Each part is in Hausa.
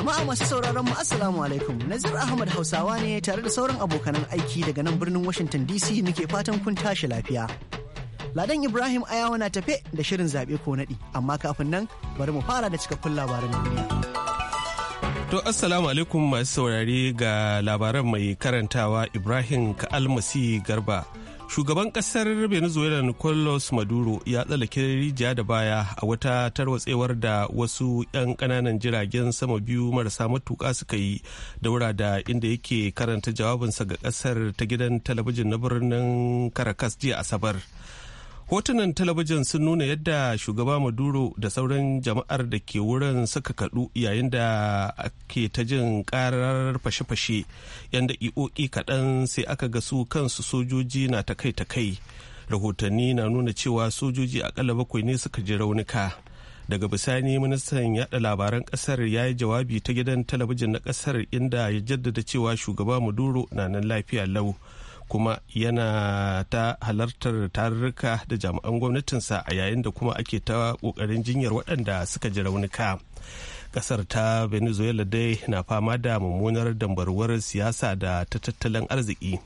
Jama'a masu sauraron mu Assalamu alaikum. Nazir Ahmad Hausawa ne tare da sauran abokanan aiki daga nan birnin Washington DC muke fatan kun tashi lafiya. Ladan Ibrahim Ayawa na tafe da shirin zaɓe ko naɗi, amma kafin nan bari mu fara da cikakkun labaran duniya. To Assalamu alaikum masu saurari ga labaran mai karantawa Ibrahim Almasi Garba. shugaban kasar venezuela nicolas maduro ya tsallake rijiya da baya a wata tarwatsewar da wasu 'yan kananan jiragen sama biyu marasa matuka suka yi daura da inda yake karanta jawabinsa ga kasar ta gidan talabijin na birnin caracas jiya asabar hotunan talabijin sun nuna yadda shugaba maduro da sauran jama'ar da ke wurin suka kadu yayin da ake ta jin karar fashe-fashe yan daƙiƙoƙi kaɗan sai aka ga su kansu sojoji na ta kai ta kai rahotanni na nuna cewa sojoji akalla bakwai ne suka ji raunuka daga bisani ministan yada labaran kasar ya yi jawabi ta gidan talabijin na kasar inda ya jaddada cewa shugaba maduro na nan lafiya lau kuma yana ta halartar tarurruka da jami'an gwamnatinsa a yayin da kuma ake ta kokarin jinyar waɗanda suka ji raunuka Ƙasar ta venezuela dai na fama da mummunar dambarwar siyasa da ta tattalin arziki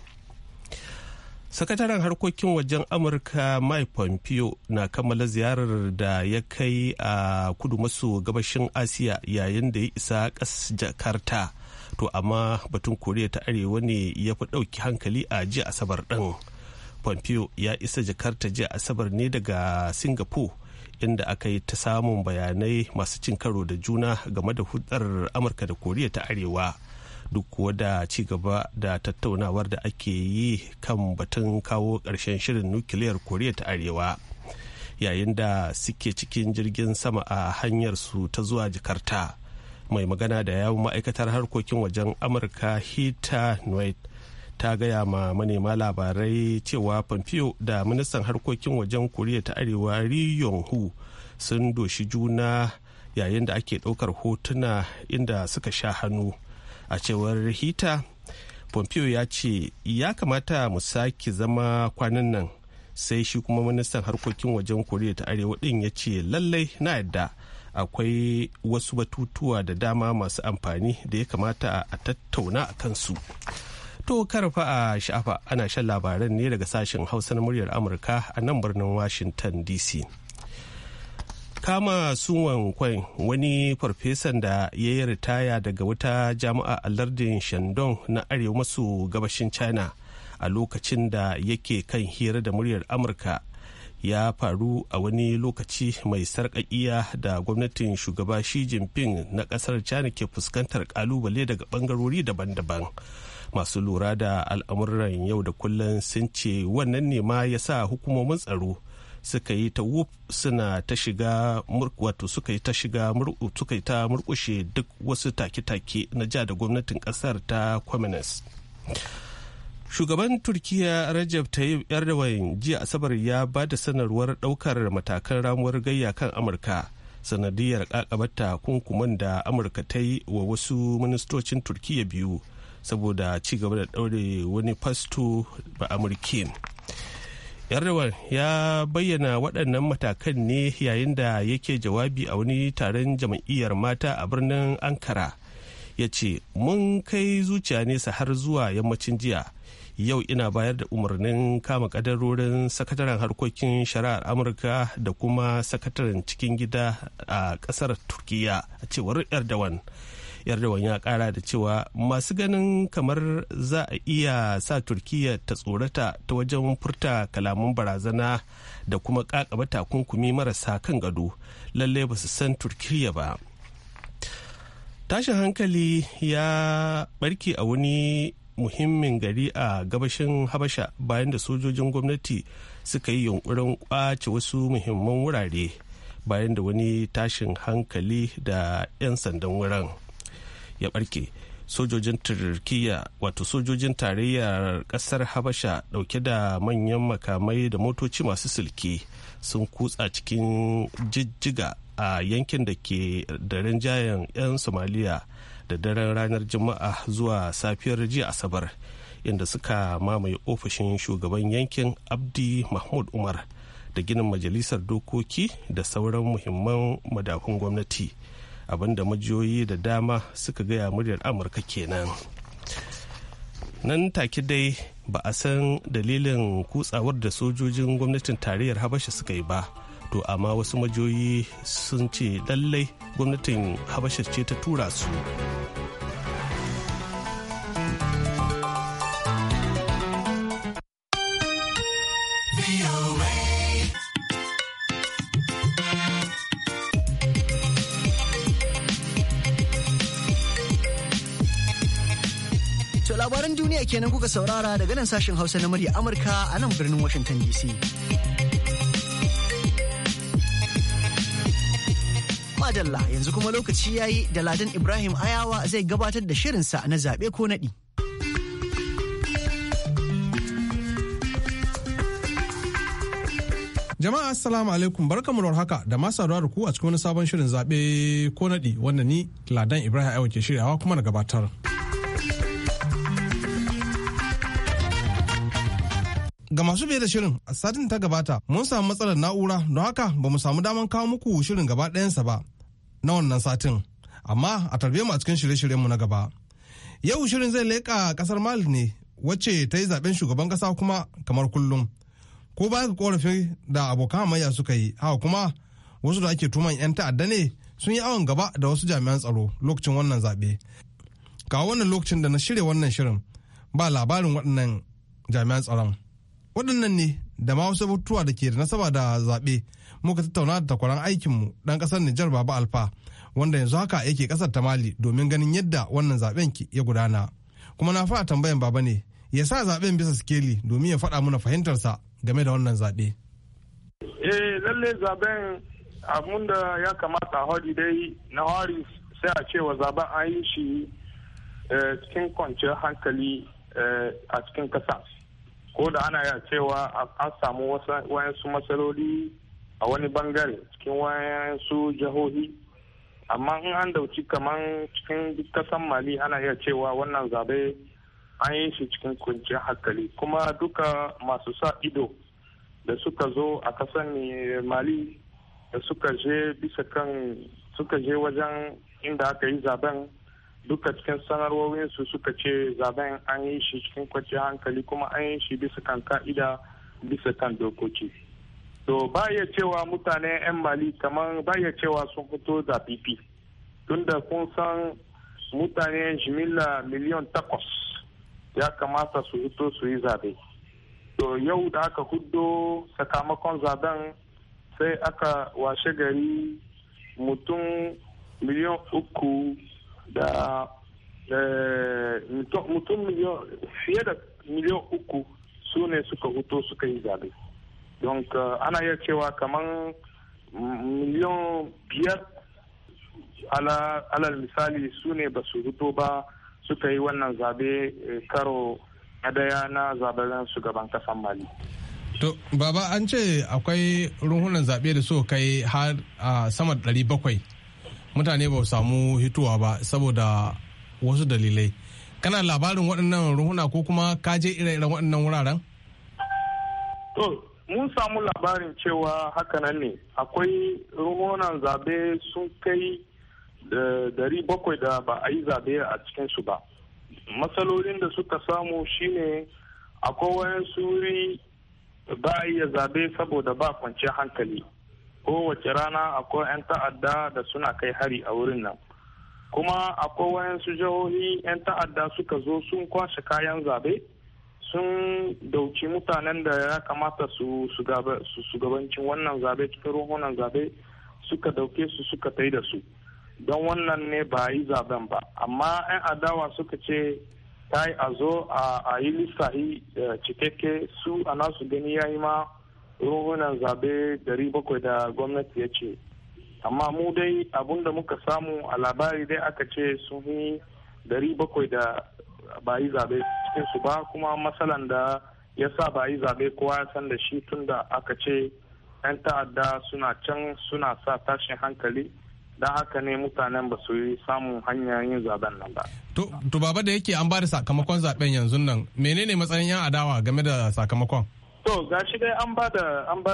sakataren harkokin wajen amurka mike pompeo na kammala ziyarar da ya kai a kudu maso gabashin asiya yayin da ya isa kas jakarta to amma batun koriya ta arewa ne ya fi ɗauki hankali a jiya asabar ɗin pompeo ya isa jakarta jiya asabar ne daga singapore inda aka yi ta samun bayanai masu cin karo da juna game da hudar amurka da koriya ta arewa duk kuwa da ci gaba da tattaunawar da ake yi kan batun kawo ƙarshen shirin nukiliyar koriya ta arewa yayin da suke cikin jirgin sama a hanyar su ta zuwa jakarta mai magana da yawun ma'aikatar harkokin wajen amurka hita noit ta gaya ma manema labarai cewa pompeo da ministan harkokin wajen koriya ta arewa ri hu sun doshi juna yayin da ake ɗaukar hotuna inda suka sha hannu a cewar hita pompeo ya ce ya kamata mu sake zama kwanan nan sai shi kuma ministan harkokin wajen koriya ta arewa ɗin ya ce lallai na yadda akwai wasu batutuwa da dama masu amfani da ya kamata a tattauna a kansu to karfa a shafa ana shan labaran ne daga sashen hausa na muryar amurka a nan birnin washington dc kama sunwan kwan wani farfesan da ya yi ritaya daga wata jami'a a lardin shandong na arewa maso gabashin china a lokacin da yake kan hira da muryar amurka ya faru a wani lokaci mai sarƙaƙiya da gwamnatin shugaba Xi Jinping na ƙasar China ke fuskantar kalubale daga ɓangarori daban-daban. Masu lura da al'amuran yau da kullum sun ce wannan ne ma ya sa hukumomin tsaro suka yi ta wuf suna ta shiga wato suka yi ta shiga suka yi ta murkushe duk wasu take-take na ja da gwamnatin kasar ta communist. shugaban turkiya rajab tayyip erdogan jiya asabar ya ba da sanarwar daukar matakan ramuwar gayya kan amurka sanadiyar kakabata kunkuman da amurka ta yi wa wasu ministocin Turkiyya biyu saboda ci gaba da daure wani fasto ba amurki erdogan ya bayyana waɗannan matakan ne yayin da yake jawabi a wani taron jam'iyyar mata a birnin ankara ya ce mun kai zuciya nesa har zuwa yammacin jiya yau ina bayar da umarnin kama kadarorin sakataren harkokin shari'ar amurka da kuma sakataren cikin gida a kasar turkiya a cewar erdogan erdogan ya kara da cewa masu ganin kamar za a iya sa turkiya ta tsorata ta wajen furta kalaman barazana da kuma kakaba takunkumi marasa kan gado lalle ba su san turkiya ba tashin hankali ya barke a wani muhimmin gari a gabashin habasha bayan da sojojin gwamnati suka yi yunkurin kwace wasu muhimman wurare bayan da wani tashin hankali da 'yan sandan wurin ya barke sojojin turkiya wato sojojin tarayyar kasar habasha dauke da manyan makamai da motoci masu sulki sun kutsa cikin jijjiga a yankin da ke da rinjayen 'yan somaliya da daren ranar juma'a zuwa safiyar jiya asabar inda suka mamaye ofishin shugaban yankin abdi mahmud umar da ginin majalisar dokoki da sauran muhimman madafun gwamnati abinda majiyoyi da dama suka gaya muryar amurka kenan nan take dai ba a san dalilin kutsawar da sojojin gwamnatin tarayyar habasha suka yi ba to amma wasu majoyi sun ce lallai gwamnatin habasha ce ta tura su labaran duniya kenan kuka saurara daga nan sashen hausa na murya amurka a nan birnin washington dc dalla yanzu kuma lokaci ya yi da Ladan Ibrahim Ayawa zai gabatar da shirinsa na zaɓe ko naɗi. Jama'a Assalamu alaikum barkamu da haka da masu saduwa da ku a cikin wani sabon shirin zaɓe ko naɗi wanda ni Ladan Ibrahim Ayawa ke shiryawa kuma na gabatar. ga masu biye da shirin a satin ta gabata mun samu matsalar na'ura don haka ba mu samu damar kawo muku shirin gaba ɗayansa ba na wannan satin amma a tarbe mu a cikin shirye-shiryenmu na gaba yau shirin zai leƙa ƙasar mali ne wacce ta yi zaben shugaban ƙasa kuma kamar kullum ko ba ga korafi da abokan hamayya suka yi haka kuma wasu da ake tuman 'yan ta'adda ne sun yi awon gaba da wasu jami'an tsaro lokacin wannan zaɓe kawo wannan lokacin da na shirya wannan shirin ba labarin waɗannan jami'an tsaron waɗannan ne da ma wasu batutuwa da ke da nasaba da zaɓe muka tattauna da takwaran aikinmu dan ƙasar Nijar Baba Alfa wanda yanzu haka yake kasar ta Mali domin ganin yadda wannan zaben ya gudana. Kuma na fara tambayan Baba ne ya sa zaben bisa sikeli domin ya faɗa muna fahimtarsa game da wannan zaɓe. Eh lalle zaben abun da ya kamata hori dai na hori sai a cewa zaben an yi shi eh, cikin kwanciyar hankali eh, a cikin ƙasa. Ko da ana ya cewa an samu wasu matsaloli a wani bangare cikin wayan su jihohi amma in an dauci kaman cikin kasan mali ana iya cewa wannan zabe an yi shi cikin kwanciyar hankali kuma duka masu sa ido da suka zo a kasan mali da suka je bisa kan suka je wajen inda aka yi zaben duka cikin su suka ce zaben an yi shi cikin kwanciyar hankali kuma an yi shi bisa kan ka'ida bisa kan dokoki to ba ya cewa mutane 'yan mali kamar ba ya cewa sun fito da pp tunda kun san mutane jimila miliyan takwas ya kamata su hito su yi zabe to yau da aka hudo sakamakon zaben sai aka washe gari mutum miliyan uku da eh, mutum miliyan fiye da miliyan uku su ne suka huto suka yi zabe don euh, ana iya cewa kamar mm, miliyan biyar alal misali su ne ba su fito ba suka yi wannan zabe eh, karo na daya na zaben shugaban kasan mali to baba an ce akwai ruhunan zaɓe da so kai har a sama da bakwai mutane ba samu hituwa ba saboda wasu dalilai kana labarin waɗannan ruhuna ko kuma ka je ire-iren waɗannan wuraren? mun samu labarin cewa hakanan ne akwai rungunan zabe sun kai dari bakwai da ba a yi zabe a cikinsu ba matsalolin da suka samu shine akwai wayan suri ba a iya zabe saboda ba kwanciyar hankali kowace rana akwai 'yan ta'adda da suna kai hari a wurin nan kuma akwai su jihohi 'yan ta'adda suka zo sun kwashe kayan zabe sun dauki mutanen da ya kamata su shugabancin wannan zabe cikin ruhunan zabe suka dauke su suka tai da su don wannan ne ba yi zaben ba amma 'yan adawa suka ce ta yi a zo a yi lissahi eh, cikakke su a nasu gani ya yi ma ruhunan zabe 700 da gwamnati ya ce amma mu dai abinda muka samu a labari dai aka ce sun yi dari bakwai da ba yi zaɓe cikin su ba kuma matsalan da ya sa ba yi zaɓe kowa ya san da shi tun da aka ce 'yan ta'adda suna can suna sa tashin hankali don haka ne mutanen ba su yi samun hanyar yin zaben nan ba. To baba da yake an ba da sakamakon zaben yanzu nan menene matsayin 'yan adawa game da sakamakon? To gashi dai an ba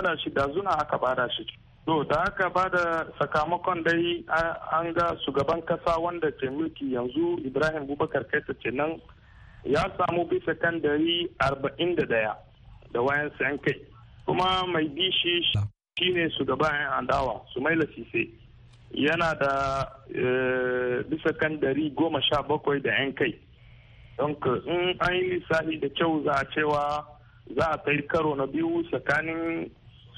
da shi da zuna aka ba da shi To da aka ba da sakamakon dai an ga shugaban kasa wanda ke mulki yanzu Ibrahim Bubakar Kaita ce nan ya samu bisa kan dari arba'in da daya da wayan yan kai kuma mai bishi shine shugaban yan adawa Sumaila Sise yana da e, bisa kan dari goma sha bakwai da yan kai don in an yi lissafi da kyau za a cewa za a kai karo na biyu tsakanin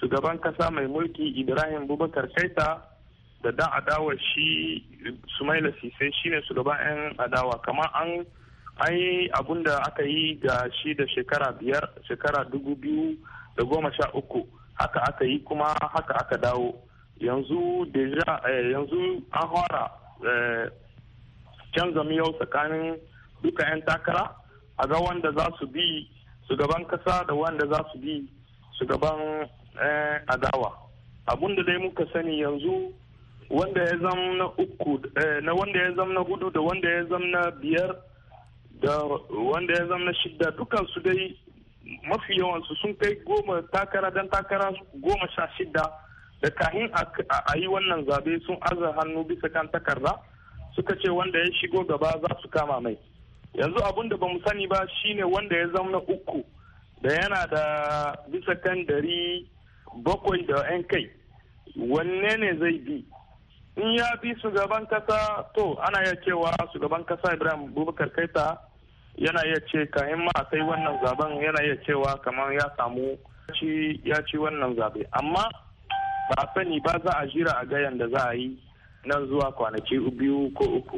shugaban kasa mai mulki ibrahim bubakar kaita da dan adawa shi sumaila sise shine shugaban yan adawa kamar an ai yi abun da aka yi ga shi da shekara biyar shekara dubu biyu da goma sha uku haka aka yi kuma haka aka dawo yanzu deja eh, yanzu an hora eh, canza miyau tsakanin duka 'yan takara a ga wanda za su bi shugaban kasa da wanda za su bi shugaban Eh, adawa abun da dai muka sani yanzu wanda ya zama na uku eh, na wanda ya zama na hudu da wanda ya zama na biyar da wanda ya zama na shidda su dai mafi yawansu sun kai goma takara dan takara goma sha shida da kahin a yi wannan zabe sun arza hannu bisa kan takarda suka ce wanda ya shigo gaba za su kama mai yanzu abun da bamu sani ba shine wanda ya zama na uku da yana da bisa kan dari bakwai da 'yan kai wanne ne zai bi in ya bi shugaban kasa to ana iya cewa shugaban kasa ibrahim bubakar kaita yana iya ce kayan ma sai wannan zaben yana iya cewa kamar ya samu ya ci wannan zabe amma ba sani ba za a jira a gayan da za a yi nan zuwa kwanaki biyu ko uku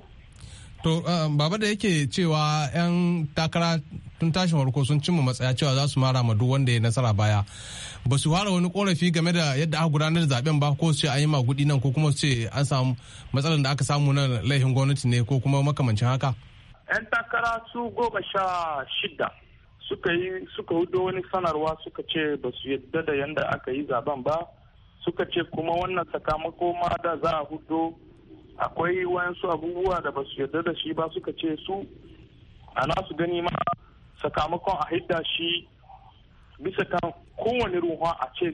To, um, baba da yake cewa 'yan takara tun tashin farko sun cimma matsaya cewa za su mara ma duk wanda ya nasara baya. Ba su fara wani korafi game da yadda aka gudanar da zaben ba ko su an yi magudi nan ko kuma su ce an samu matsalar da aka samu na laifin gwamnati ne ko kuma makamancin haka. 'Yan takara su goma sha shida suka yi suka hudo wani sanarwa suka ce ba su yadda da yadda aka yi zaben ba suka ce kuma wannan sakamako ma da za a hudo akwai wayansu abubuwa da ba su yarda da shi ba suka ce su a nasu gani ma sakamakon a hidda shi bisa kan kowane ruwa a ce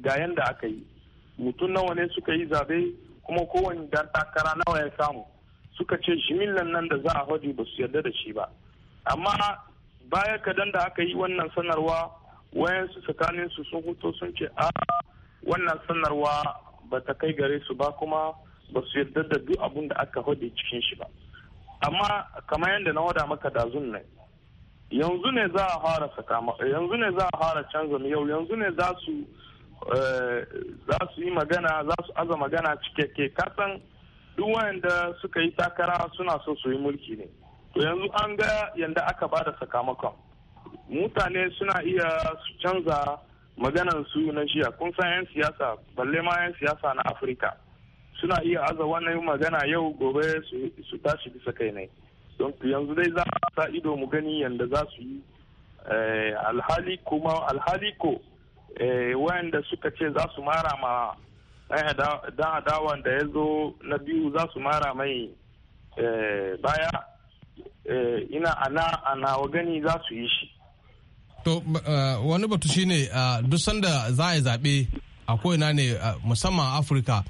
ga yanda aka yi mutum nawa ne suka yi zabe kuma kowane dan takara nawa ya samu suka ce millan nan da za a hadi ba su yarda da shi ba amma baya kadan da aka yi wannan sanarwa wayansu tsakaninsu sun huto sun ce a wannan sanarwa ba ta kai gare su ba kuma ba su yarda da duk abun da aka hode cikin shi ba amma kamar yadda na wada maka da zun ne yanzu ne za a fara sakama yanzu ne za a fara canza yau yanzu ne za su eh, za yi magana za su aza magana cikakke kasan duk wanda suka yi takara suna so su yi mulki ne to yanzu an ga yadda aka ba da sakamakon mutane suna iya su canza maganar su na jiya kun san 'yan siyasa balle ma 'yan siyasa na afirka suna iya aza wannan magana yau gobe su tashi bisa kai ne don yanzu dai za a sa ido mu gani yadda za su yi eh, alhali kuma alhali ko eh, wayanda suka ce za su mara ma dan adawan da ya zo na biyu za su mara mai eh, baya ina ana ana wa gani za su yi shi to wani batu shine ah, duk sanda za a yi zaɓe a ko'ina ne ah, musamman afirka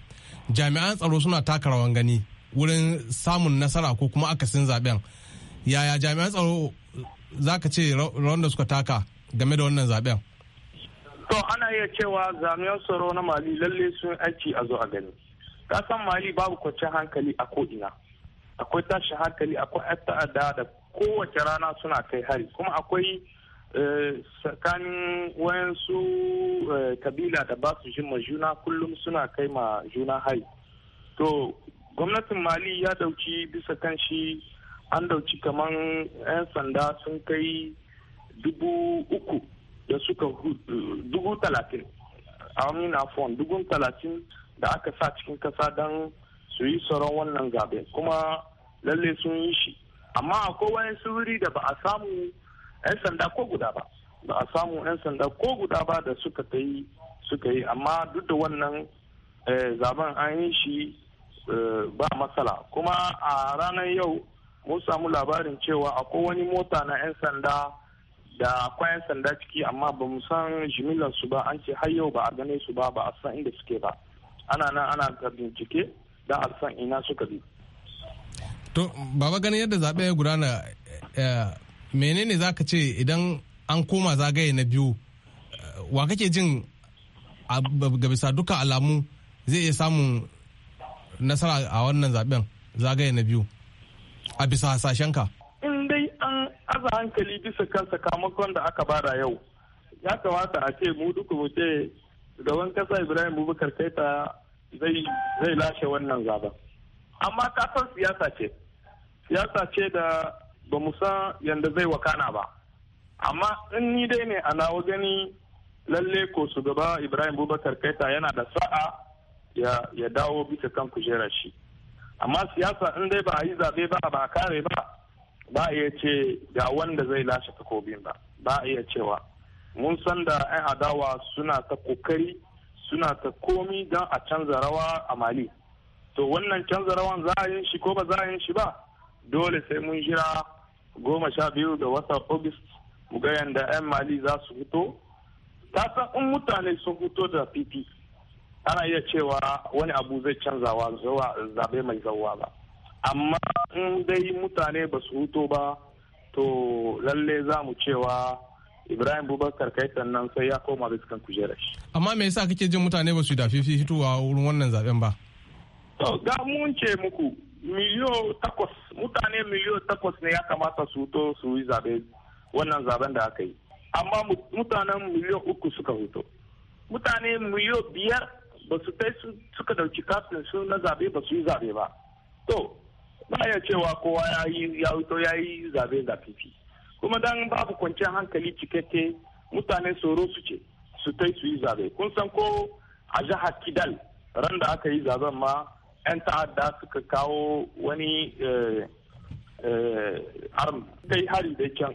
jami'an tsaro suna taka rawan gani wurin samun nasara ko kuma akasin zaben yaya jami'an tsaro za ka ce rawan da suka taka game da wannan zaben to ana iya cewa jami'an tsaro na mali lalle sun aiki a zo a gani kasan mali babu kwanciyar hankali a ko ina akwai tashin hankali akwai ta'adda da kowace rana suna kai hari kuma akwai Eh, tsakanin wayansu eh, kabila da ba su jima juna kullum suna kai ma juna hai to gwamnatin mali ya dauki bisa kan shi an dauki kaman 'yan sanda sun kai dubu uku da suka dubu talatin amina fon dubu talatin da aka sa cikin kasa don su yi sauran wannan gabe kuma lalle sun yi shi amma akwai wayansu wuri da ba a samu 'yan sanda ko guda ba ba a samu 'yan sanda ko guda ba da suka ta yi suka yi amma duk da wannan eh, zaben an yi shi eh, ba matsala kuma a ranar yau mun samu labarin cewa akwai wani mota na 'yan sanda da akwai 'yan sanda ciki amma ba mu san jimillar su ba an ce har yau ba a gane su ba ba a san inda suke ba ana nan ana bincike da a san ina suka bi to baba ganin yadda zaɓe ya gudana eh, menene za ka ce idan an koma zagaye na biyu wa kake jin ga bisa duka alamu zai iya samun nasara a wannan zaben zagaye na biyu a bisa hasashenka in dai an aza hankali bisa kan sakamakon da aka bada yau ya kamata a ce mu duka mu ce gaban kasa ibrahim bubakar kaita zai lashe wannan zaben amma kasar siyasa ce siyasa ce da ba mu san yadda zai wakana ba amma in ni dai ne a nawa gani lalle ko su gaba ibrahim bubakar kaita yana da sa'a ya, dawo bita kan kujerar shi amma siyasa in dai ba a yi zaɓe ba ba a kare ba ba a iya ce ga wanda zai lashe takobin ba ba a iya cewa mun san da 'yan adawa suna ta kokari suna ta komi don a canza rawa a mali to wannan canza rawan za a yin shi ko ba za a yin shi ba dole sai mun jira goma sha biyu da watan august mu ga yanda 'yan mali za su fito ta san in mutane sun fito da pp ana iya cewa wani abu zai canzawa zuwa zabe mai zauwa ba amma in dai mutane ba su fito ba to lalle za mu cewa ibrahim bubakar kai sannan sai ya koma biskan kujerar shi amma me yasa kake jin mutane ba su da fifi hitowa wurin wannan zaben ba to ga mun ce muku miliyo takwas mutane miliyo takwas ne ya kamata su to su yi zabe wannan zaben da aka yi amma mutanen miliyo uku suka hoto mutane miliyo biyar ba su kai suka dauki kafin su na zabe ba su yi zabe ba to ba ya cewa kowa ya yi ya hoto ya yi zabe da fifi kuma dan babu kwanciyar hankali cikakke mutane tsoro su ce su kai su yi zabe kun san ko a jihar kidal ran da aka yi zaben ma 'yan ta'adda suka kawo wani eh, eh, arm kai hari da can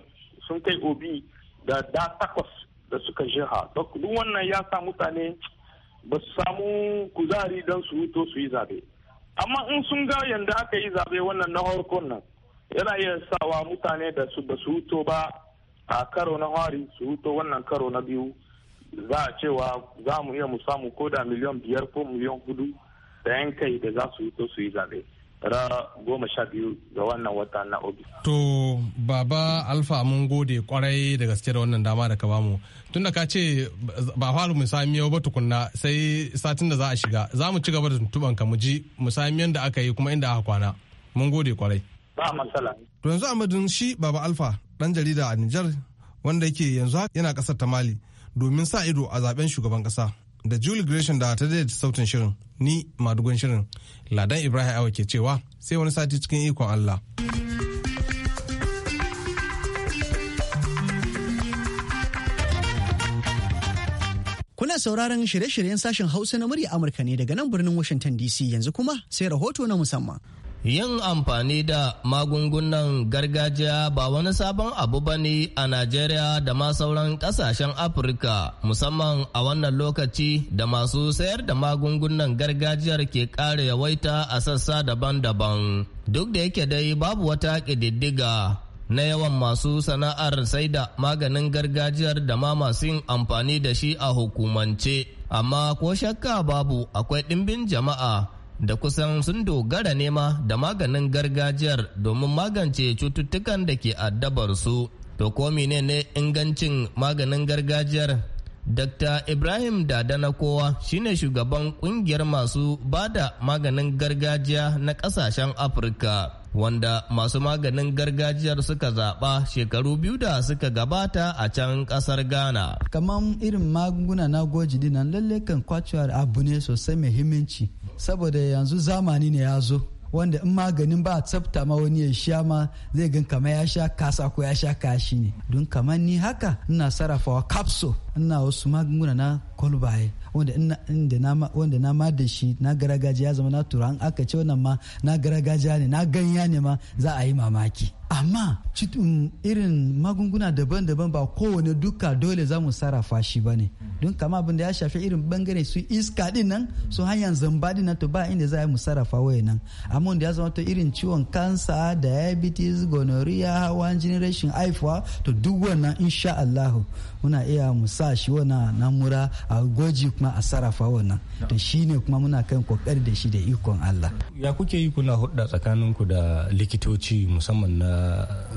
sun kai obi da da takwas da suka jiha duk wannan ya sa mutane ba su samu kuzari don su wuto su yi zabe amma in sun ga yadda aka yi zabe wannan na harkon nan yana iya sawa mutane da su ba su wuto ba a karo na hari su wuto wannan karo na biyu za a cewa za mu iya mu samu ko da miliyan biyar ko miliyan hudu sayan kai da za su yi to su yi zaɓe ra goma sha biyu ga wannan wata na obi. To baba alfa mun gode kwarai da gaske da wannan dama da ka bamu tunda ka ce ba faru yau ba tukunna sai satin da za a shiga za mu ci gaba da tuntuban ka mu ji musamiyar da aka yi kuma inda aka kwana mun gode kwarai. Ba matsala. To yanzu a shi baba alfa dan jarida a Nijar wanda yake yanzu yana kasar ta Mali domin sa ido a zaben shugaban kasa. da Julie Gresham da ta daidaita sautin shirin ni madugon shirin Ladan Ibrahim Awa ke cewa sai wani sati cikin ikon Allah. Kuna sauraron shirye-shiryen sashen Hausa na murya Amurka ne daga nan birnin Washington DC yanzu kuma sai rahoto na musamman. Yin amfani da magungunan gargajiya ba wani sabon abu ba ne a Najeriya da ma sauran ƙasashen Afirka musamman a wannan lokaci da masu sayar da magungunan gargajiyar ke ƙara yawaita a sassa daban-daban. Duk da yake dai babu wata ƙididdiga na yawan masu sana'ar sai da maganin gargajiyar da ma masu yin amfani da shi a hukumance. Amma ko shakka babu akwai ɗimbin jama'a da kusan sun dogara nema da maganin gargajiyar domin magance cututtukan da ke addabar su. To ko ne ingancin maganin gargajiyar? Dr. Ibrahim Dada na kowa shine shugaban kungiyar masu bada maganin gargajiya na kasashen Afirka. Wanda masu maganin gargajiyar suka zaɓa shekaru biyu da suka gabata a can kasar Ghana. Kamar irin magunguna na goji dinan lalle kan kwacewar abu ne sosai muhimmanci. saboda yanzu zamani ne ya zo wanda in maganin ba tsafta ma wani ya sha ma zai gan kamar ya sha kasa ko ya sha kashi ne don kamar ni haka ina sarrafawa kapso ina wasu magunguna na kwalbaye wanda na ma da shi na gargajiya zama na turan aka ce wannan ma na gargajiya ne na ganya ne ma za a yi mamaki amma irin magunguna daban-daban ba kowane duka dole za mu sarrafa shi ba ne don kama abin da ya shafi irin bangare su iska din nan su hanyar zamba din nan to ba inda za a mu sarrafa waye nan amma wanda ya zama to irin ciwon kansa diabetes gonorrhea hawan jini rashin haifuwa to duk wannan insha Allah muna iya mu sa shi wannan namura a goji kuma a sarrafa wannan to shine kuma muna kan kokari da shi da ikon Allah ya kuke yi kuna hudda tsakaninku da likitoci musamman na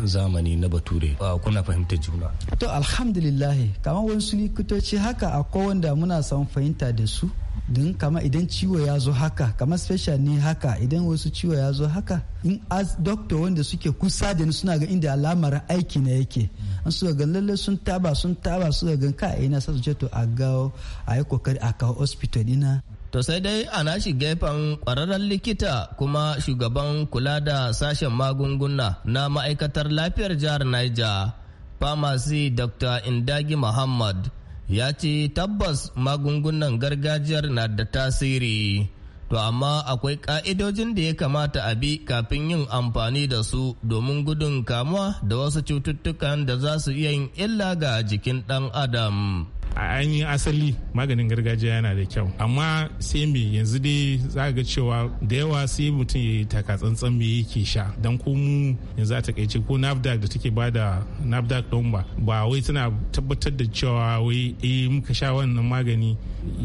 zamani na bature ah, kuna fahimtar juna to alhamdulillah kamar wasu likitoci haka a wanda muna son fahimta da su don kama idan ciwo ya zo haka kama special ne haka idan wasu ciwo ya zo haka in as doctor wanda suke kusa da ni suna ga inda alamar aiki na yake an suka ga lalle sun taba sun taba suka ga ka ina sa su ce to a gawo a yi kokari a kawo hospital dina To sai dai ana shi gefen ƙwararren likita kuma shugaban kula da sashen magunguna na ma'aikatar lafiyar jihar Niger, Pharmacy Dr. Indagi Muhammad ya ce tabbas magungunan gargajiyar na da tasiri. To amma akwai ƙa'idojin da ya kamata a bi kafin yin amfani da su domin gudun kamuwa da wasu cututtukan da za su iya yin illa ga jikin ɗan adam. a ainihin asali maganin gargajiya yana da kyau amma sai me yanzu dai za ga cewa da yawa sai mutum ya yi taka me yake sha dan ko mu yanzu a takaice ko nafdac da take bada nafdac don ba ba wai tana tabbatar da cewa wai eh muka sha wannan magani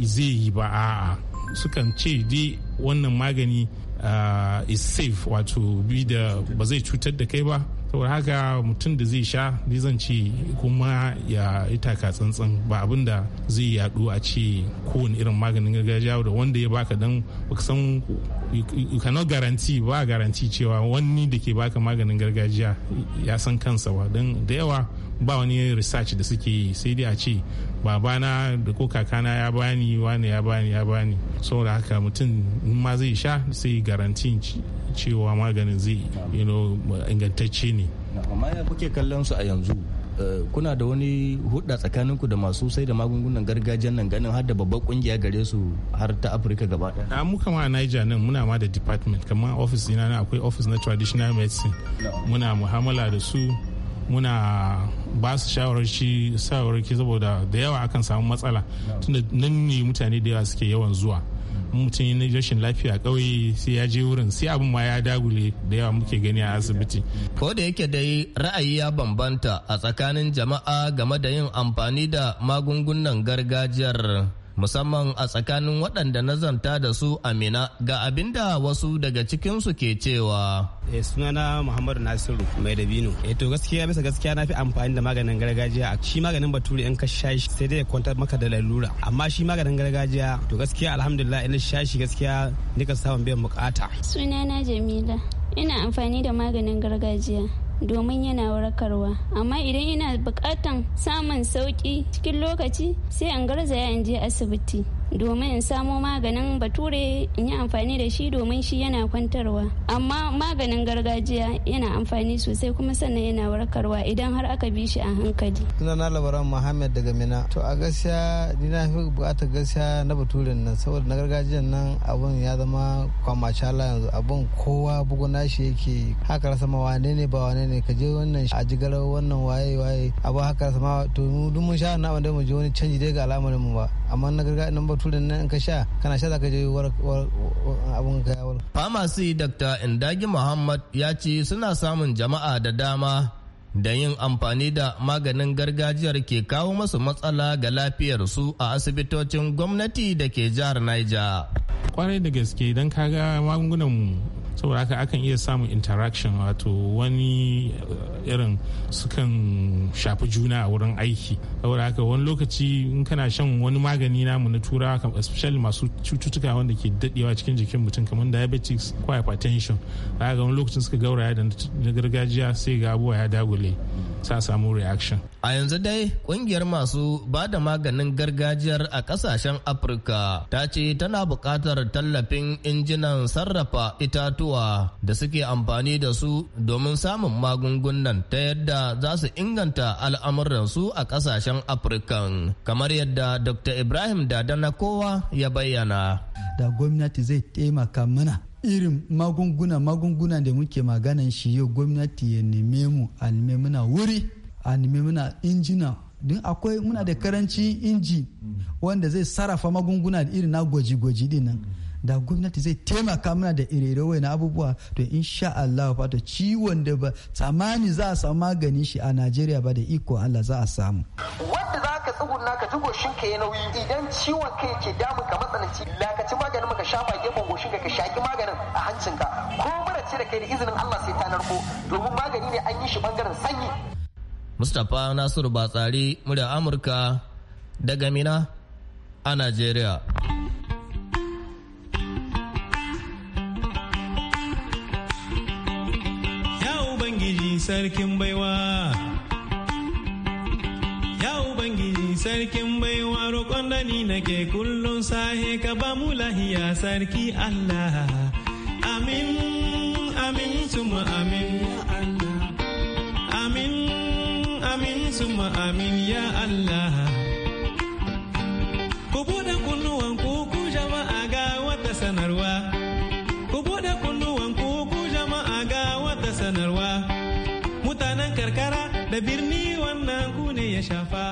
zai yi ba a'a sukan ce dai wannan magani ah, is safe wato bi da ba zai cutar da kai ba saboda haka mutum da zai sha ni zan ce kuma ya itaka tsantsan ba abin da zai yadu a ce kowane irin maganin gargajiya da wanda ya baka dan san you cannot guarantee ba garanti cewa wani da ke baka maganin gargajiya ya san kansa ba don da yawa ba wani research da suke yi sai dai a ce babana da ko kakana ya bani wani ya bani ya bani saboda haka mutum ma zai sha sai garantin cewa maganin zai ingantacce ne amma ya kuke kallon su a yanzu eh, kuna da wani hudda tsakaninku da masu sai da magungunan gargajiyan nan ganin har da babbar kungiya gare su har ta afirka gaba daya mu kama a niger nan muna ma da department kamar office na akwai office na traditional medicine muna muhamala da su muna ba su shawararci saboda da yawa akan samu matsala tunda nan ne mutane da yawa suke yawan zuwa mm. mutum yi rashin lafiya ƙauye sai ya je wurin sai abin ma ya dagule da yawa muke gani a asibiti. Ko da yake dai ra'ayi ya bambanta a tsakanin jama'a game da yin amfani da magungunan gargajiyar musamman a tsakanin waɗanda na zanta da su amina ga abinda wasu daga cikinsu ke cewa e sunana muhammadu nasiru mai dabino e to gaskiya bisa gaskiya na fi amfani da maganin gargajiya shi maganin bature in ka sha shi sai dai ya kwantar maka da lalura amma shi maganin gargajiya to gaskiya alhamdulillah ina sha shi gaskiya nika samun biyan bukata sunana jamila ina amfani da maganin gargajiya domin yana warkarwa amma idan ina bukatan samun sauki cikin lokaci sai an garzaya in je asibiti domin in samo maganin bature in yi amfani da shi domin shi yana kwantarwa amma maganin gargajiya yana amfani sosai kuma sannan yana warkarwa idan har aka bi shi a hankali sunana labaran muhammad daga mina to a gaskiya ni na fi bukatar gaskiya na bature nan saboda na gargajiyan nan abun ya zama kwamacala yanzu abun kowa buguna shi yake haka rasa ma wane ne ba wane ne ka je wannan a jigarar wannan waye waye abu haka rasa ma to mu dun mun sha na wanda mu je wani canji dai ga al'amarin mu ba amma na gargaɗi nan da nan in ka sha kana sha zaka je abun ka yawon. Famasi Dr. Indagi Muhammad ya ce suna samun jama'a da dama da yin amfani da maganin gargajiyar ke kawo masu matsala ga lafiyarsu a asibitocin gwamnati da ke jihar Niger. Kwarai da gaske don kaga magungunan saboda haka akan iya samun interaction wato wani eh, irin sukan shafi juna a wurin aiki saboda haka wani lokaci in kana shan wani magani namu na turawa especially masu cututtuka wanda ke dadewa cikin jikin mutum kamar diabetes ko hypertension za ga wani lokacin suka gauraya da na gargajiya sai ga abubuwa ya dagule sa samu reaction A yanzu dai kungiyar masu ba da maganin gargajiyar a kasashen Afirka ta ce tana bukatar tallafin injinan sarrafa itatuwa da suke amfani da su domin samun magungunan ta yadda za su inganta al'amuransu a kasashen Afirka. Kamar yadda Dr. Ibrahim Dadana kowa ya bayyana. Da gwamnati zai taimaka mana irin magunguna magunguna da muke maganan shi yau gwamnati ya neme mu alme muna wuri. a nemi muna injina din akwai muna da karanci inji wanda zai sarrafa magunguna da irin na gwaji-gwaji nan da gwamnati zai taimaka mana da irere na abubuwa to insha Allah fa to ciwon da ba tsamani za a samu magani shi a Najeriya ba da iko Allah za a samu wanda za ka tsuguna ka ji goshin ka ya nauyi idan ciwon kai ke damun ka matsananci lakaci maganin maka sha ba gefen goshin ka ka shaki maganin a hancin ka ko mura ce da kai da izinin Allah sai ta narko domin magani ne an yi shi bangaren sanyi Mustapha Nasiru Batsari murya Amurka daga Mina a Najeriya. Ya Ubangiji sarkin baiwa. Ya Ubangiji sarkin baiwa roƙon da ni nake kullum sahe ka ba mu lahiya sarki Allah. Amin, amin, tuma amin, ya Allah. amin summa amin ya Allah ku buɗe kunnuwan ku ku jama'a ga wata sanarwa ku buɗe kunnuwan ku ku jama'a ga wata sanarwa mutanen karkara da birni wannan ku ne ya shafa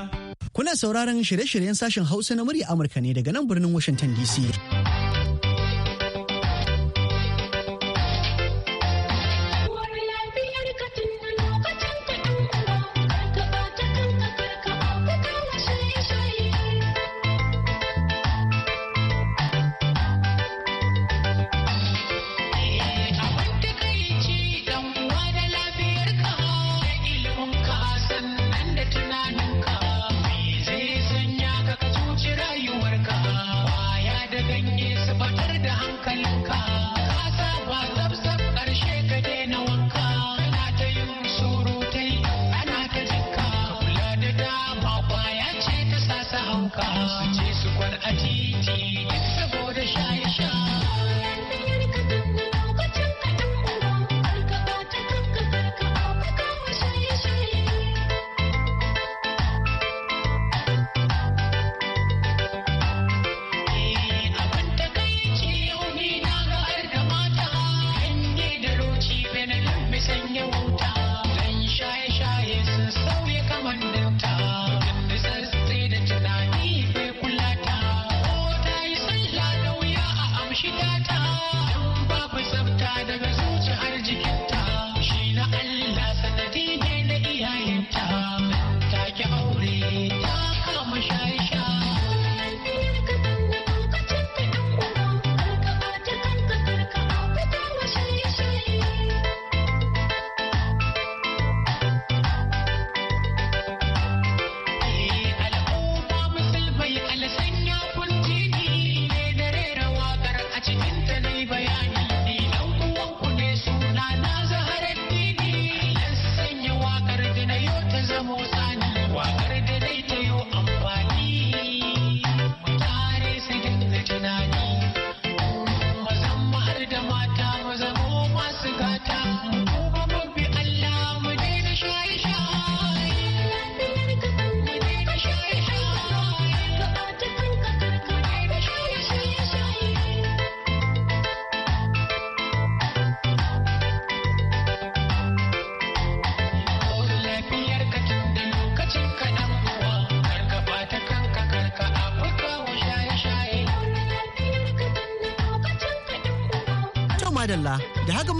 kuna sauraron shirye-shiryen sashen Hausa na murya Amurka ne daga nan birnin Washington DC wuce su kwar a titi